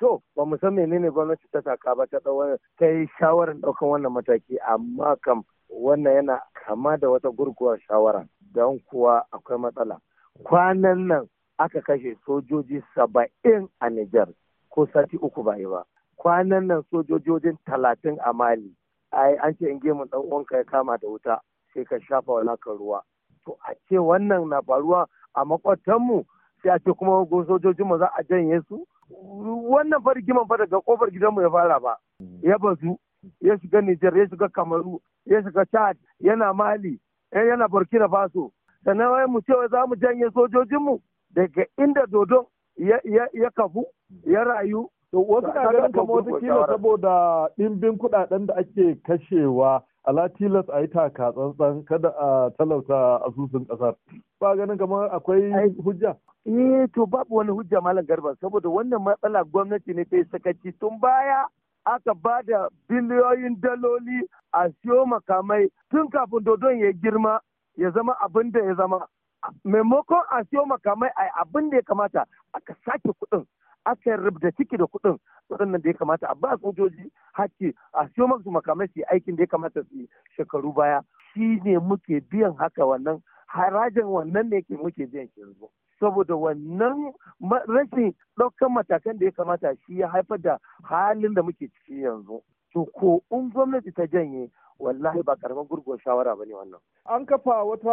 to ba mu san menene gwamnati ta saka ba ta ta yi shawarar daukan wannan mataki amma kam wannan yana kama da wata gurguwar shawara don kuwa akwai matsala kwanan nan aka kashe sojoji saba'in a Nijar ko sati uku ba yi ba kwanan nan sojojojin talatin a Mali ai an ce in gemun dan uwanka ya kama da wuta sai ka shafa walakan ruwa to a ce wannan na faruwa a makwatanmu sai a ce kuma sojojin mu za a janye su wannan farigiman fa daga kofar gidanmu ya fara ba ya bazu ya shiga Nijar ya shiga Kamaru ya shiga Chad yana Mali eh, yana Burkina Faso sannan wai mu cewa za mu janye sojojinmu daga inda dodon ya kafu ya rayu to wasu kaga kamar wata saboda ɗimbin kuɗaɗen da ake kashewa ala tilas a yi taka tsantsan kada a talauta asusun ƙasar ba ganin kamar akwai hujja eh to babu wani hujja malam garba saboda wannan matsala gwamnati ne ta sakaci tun baya aka ba da biliyoyin daloli a siyo makamai tun kafin dodon ya girma ya zama abin da ya zama maimakon a siyo makamai a abin da ya kamata aka sake kuɗin aka rubuta ciki da kuɗin waɗannan da ya kamata a ba sojoji haƙƙi a siyo masu makamai su aikin da ya kamata su yi shekaru baya shi ne muke biyan haka wannan harajin wannan ne ke muke biyan yanzu saboda wannan rashin ɗaukan matakan da ya kamata shi ya haifar da halin da muke ciki yanzu to ko in gwamnati ta janye wallahi ba karamin gurguwar shawara ba ne wannan. An kafa wata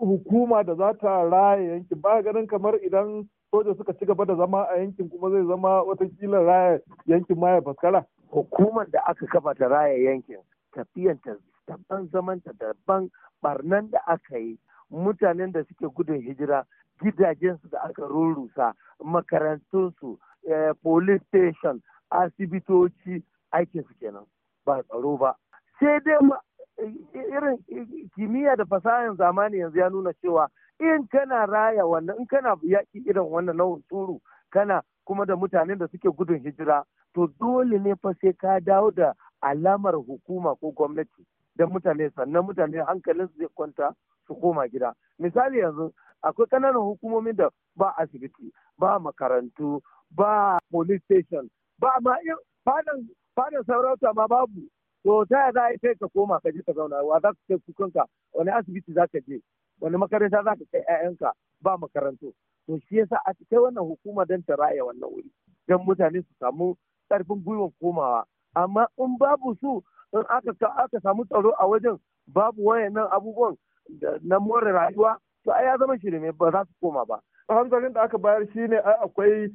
hukuma da za ta raya yankin ba ganin kamar idan soja suka ci gaba da zama a yankin kuma zai zama watakila raya yankin ma ya faskara. Hukumar da aka kafa ta raya yankin tafiyanta daban zamanta daban barnan da aka yi mutanen da suke gudun hijira gidajensu da aka rurusa, makarantunsu eh, police station asibitoci aikinsu kenan ba tsaro ba sai dai irin kimiyya da fasahar zamani yanzu ya nuna cewa in kana raya wannan in kana yaƙi irin wannan nau'in turu, kana kuma da mutanen da suke gudun hijira to dole ne fa sai ka dawo da alamar hukuma ko gwamnati da mutane sannan mutane hankalin su zai kwanta su koma gida misali yanzu akwai ƙananan hukumomin da ba asibiti ba makarantu ba police station ba ma fadan fadan saurauta ma babu to ta za a yi kai ka koma ka je ka zauna wa za ka kai kukanka wani asibiti za ka je wani makaranta za ka kai 'ya'yanka ba makarantu to shi yasa a kai wannan hukuma don ta raya wannan wuri don mutane su samu ƙarfin gwiwar komawa amma in babu su in aka samu tsaro a wajen babu wayannan abubuwan na more rayuwa to ai ya zama shirme ba za su koma ba hanzarin da aka bayar shine ai akwai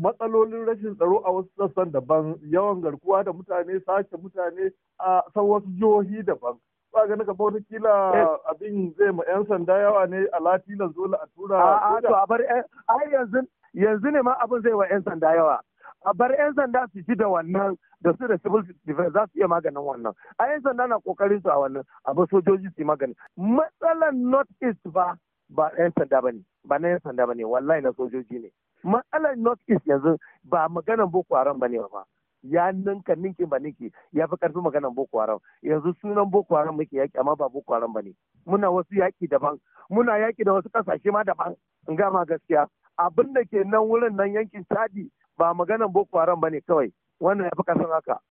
matsalolin rashin tsaro a wasu sassan daban yawan garkuwa da mutane sace mutane a san wasu jihohi daban ba ga naka bauta kila eh. abin zai ma yan sanda yawa ne a latilan zola a tura a to a bar ai yanzu yanzu ne ma abin zai wa yan sanda yawa a bar 'yan sanda su ji da wannan da su da civil defense za su iya maganin wannan a 'yan sanda na kokarin su a wannan abin sojoji su yi magani matsalar north east ba ba 'yan sanda ba ne ba na 'yan sanda ba ne wallahi na sojoji ne matsalar north east yanzu ba maganan boko haram ba ne ba ya ninka ninkin ba ninki ya fi karfi maganan boko haram yanzu sunan boko haram muke yaki amma ba boko haram ba ne muna wasu yaki daban muna yaki da wasu kasashe ma daban in gama gaskiya abin da ke nan wurin nan yankin sadi. ba maganan boko haram ne kawai wannan ya fi kasan haka